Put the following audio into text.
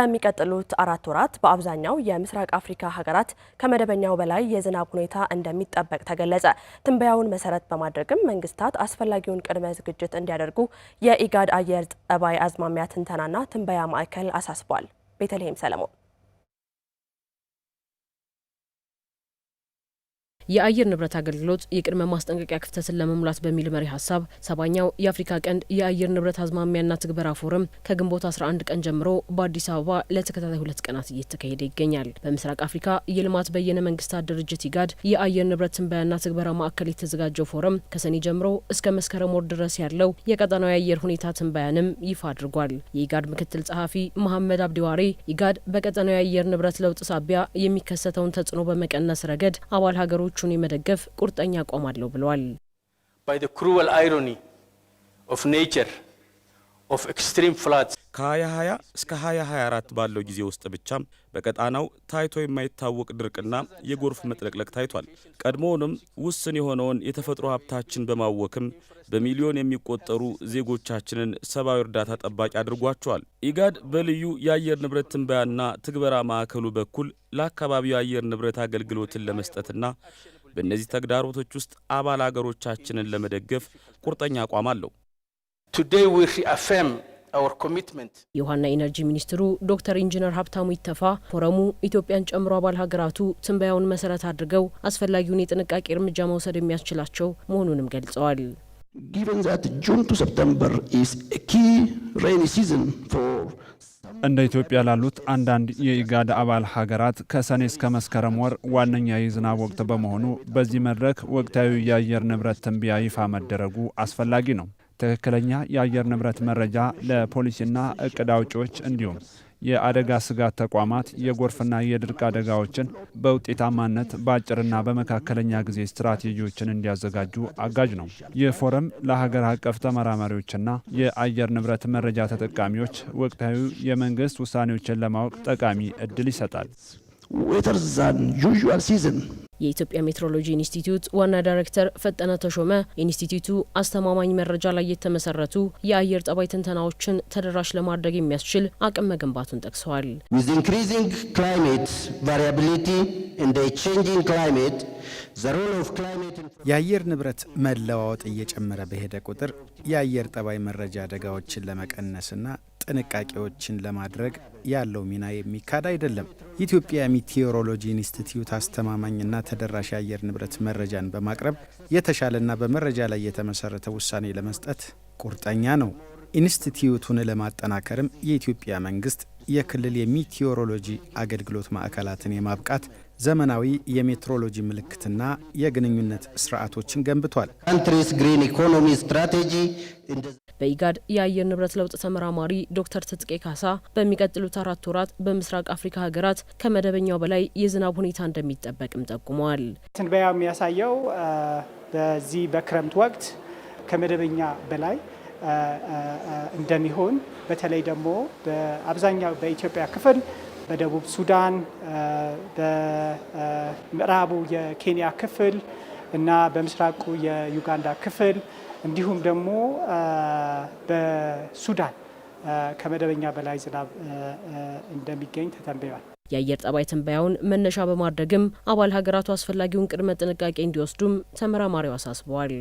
በሚቀጥሉት አራት ወራት በአብዛኛው የምስራቅ አፍሪካ ሀገራት ከመደበኛው በላይ የዝናብ ሁኔታ እንደሚጠበቅ ተገለጸ። ትንበያውን መሰረት በማድረግም መንግስታት አስፈላጊውን ቅድመ ዝግጅት እንዲያደርጉ የኢጋድ አየር ጠባይ አዝማሚያ ትንተናና ትንበያ ማዕከል አሳስቧል። ቤተልሔም ሰለሞን የአየር ንብረት አገልግሎት የቅድመ ማስጠንቀቂያ ክፍተትን ለመሙላት በሚል መሪ ሀሳብ ሰባኛው የአፍሪካ ቀንድ የአየር ንብረት አዝማሚያና ትግበራ ፎረም ከግንቦት 11 ቀን ጀምሮ በአዲስ አበባ ለተከታታይ ሁለት ቀናት እየተካሄደ ይገኛል። በምስራቅ አፍሪካ የልማት በየነ መንግስታት ድርጅት ኢጋድ የአየር ንብረት ትንበያና ትግበራ ማዕከል የተዘጋጀው ፎረም ከሰኔ ጀምሮ እስከ መስከረም ወር ድረስ ያለው የቀጠናው የአየር ሁኔታ ትንበያንም ይፋ አድርጓል። የኢጋድ ምክትል ጸሐፊ መሐመድ አብዲዋሬ ኢጋድ በቀጠናው የአየር ንብረት ለውጥ ሳቢያ የሚከሰተውን ተጽዕኖ በመቀነስ ረገድ አባል ሀገሮች ዜጎቹን የመደገፍ ቁርጠኛ አቋም አለው ብለዋል። ባይ ዘ ክሩወል አይሮኒ ኦፍ ኔቸር ኦፍ ኤክስትሪም ፍላድስ ከ2020 እስከ 2024 ባለው ጊዜ ውስጥ ብቻ በቀጣናው ታይቶ የማይታወቅ ድርቅና የጎርፍ መጥለቅለቅ ታይቷል። ቀድሞውንም ውስን የሆነውን የተፈጥሮ ሀብታችን በማወክም በሚሊዮን የሚቆጠሩ ዜጎቻችንን ሰብአዊ እርዳታ ጠባቂ አድርጓቸዋል። ኢጋድ በልዩ የአየር ንብረት ትንበያና ትግበራ ማዕከሉ በኩል ለአካባቢው የአየር ንብረት አገልግሎትን ለመስጠትና በእነዚህ ተግዳሮቶች ውስጥ አባል አገሮቻችንን ለመደገፍ ቁርጠኛ አቋም አለው። የውሃና ኢነርጂ ሚኒስትሩ ዶክተር ኢንጂነር ሀብታሙ ይተፋ ፎረሙ ኢትዮጵያን ጨምሮ አባል ሀገራቱ ትንበያውን መሰረት አድርገው አስፈላጊውን የጥንቃቄ እርምጃ መውሰድ የሚያስችላቸው መሆኑንም ገልጸዋል። እንደ ኢትዮጵያ ላሉት አንዳንድ የኢጋድ አባል ሀገራት ከሰኔ እስከ መስከረም ወር ዋነኛ የዝናብ ወቅት በመሆኑ በዚህ መድረክ ወቅታዊ የአየር ንብረት ትንቢያ ይፋ መደረጉ አስፈላጊ ነው። ትክክለኛ የአየር ንብረት መረጃ ለፖሊሲና እቅድ አውጪዎች እንዲሁም የአደጋ ስጋት ተቋማት የጎርፍና የድርቅ አደጋዎችን በውጤታማነት በአጭርና በመካከለኛ ጊዜ ስትራቴጂዎችን እንዲያዘጋጁ አጋዥ ነው። ይህ ፎረም ለሀገር አቀፍ ተመራማሪዎችና የአየር ንብረት መረጃ ተጠቃሚዎች ወቅታዊ የመንግስት ውሳኔዎችን ለማወቅ ጠቃሚ እድል ይሰጣል። የኢትዮጵያ ሜትሮሎጂ ኢንስቲትዩት ዋና ዳይሬክተር ፈጠነ ተሾመ ኢንስቲትዩቱ አስተማማኝ መረጃ ላይ የተመሰረቱ የአየር ጠባይ ትንተናዎችን ተደራሽ ለማድረግ የሚያስችል አቅም መገንባቱን ጠቅሰዋል። የአየር ንብረት መለዋወጥ እየጨመረ በሄደ ቁጥር የአየር ጠባይ መረጃ አደጋዎችን ለመቀነስና ጥንቃቄዎችን ለማድረግ ያለው ሚና የሚካድ አይደለም። ኢትዮጵያ ሚቴዎሮሎጂ ኢንስቲትዩት አስተማማኝና ተደራሽ የአየር ንብረት መረጃን በማቅረብ የተሻለና በመረጃ ላይ የተመሰረተ ውሳኔ ለመስጠት ቁርጠኛ ነው። ኢንስቲትዩቱን ለማጠናከርም የኢትዮጵያ መንግስት የክልል የሚቴዎሮሎጂ አገልግሎት ማዕከላትን የማብቃት ዘመናዊ የሜትሮሎጂ ምልክትና የግንኙነት ስርዓቶችን ገንብቷል። በኢጋድ የአየር ንብረት ለውጥ ተመራማሪ ዶክተር ትጥቄ ካሳ በሚቀጥሉት አራት ወራት በምስራቅ አፍሪካ ሀገራት ከመደበኛው በላይ የዝናብ ሁኔታ እንደሚጠበቅም ጠቁመዋል። ትንበያው የሚያሳየው በዚህ በክረምት ወቅት ከመደበኛ በላይ እንደሚሆን በተለይ ደግሞ በአብዛኛው በኢትዮጵያ ክፍል በደቡብ ሱዳን፣ በምዕራቡ የኬንያ ክፍል እና በምስራቁ የዩጋንዳ ክፍል እንዲሁም ደግሞ በሱዳን ከመደበኛ በላይ ዝናብ እንደሚገኝ ተተንብያል። የአየር ጠባይ ትንበያውን መነሻ በማድረግም አባል ሀገራቱ አስፈላጊውን ቅድመ ጥንቃቄ እንዲወስዱም ተመራማሪው አሳስበዋል።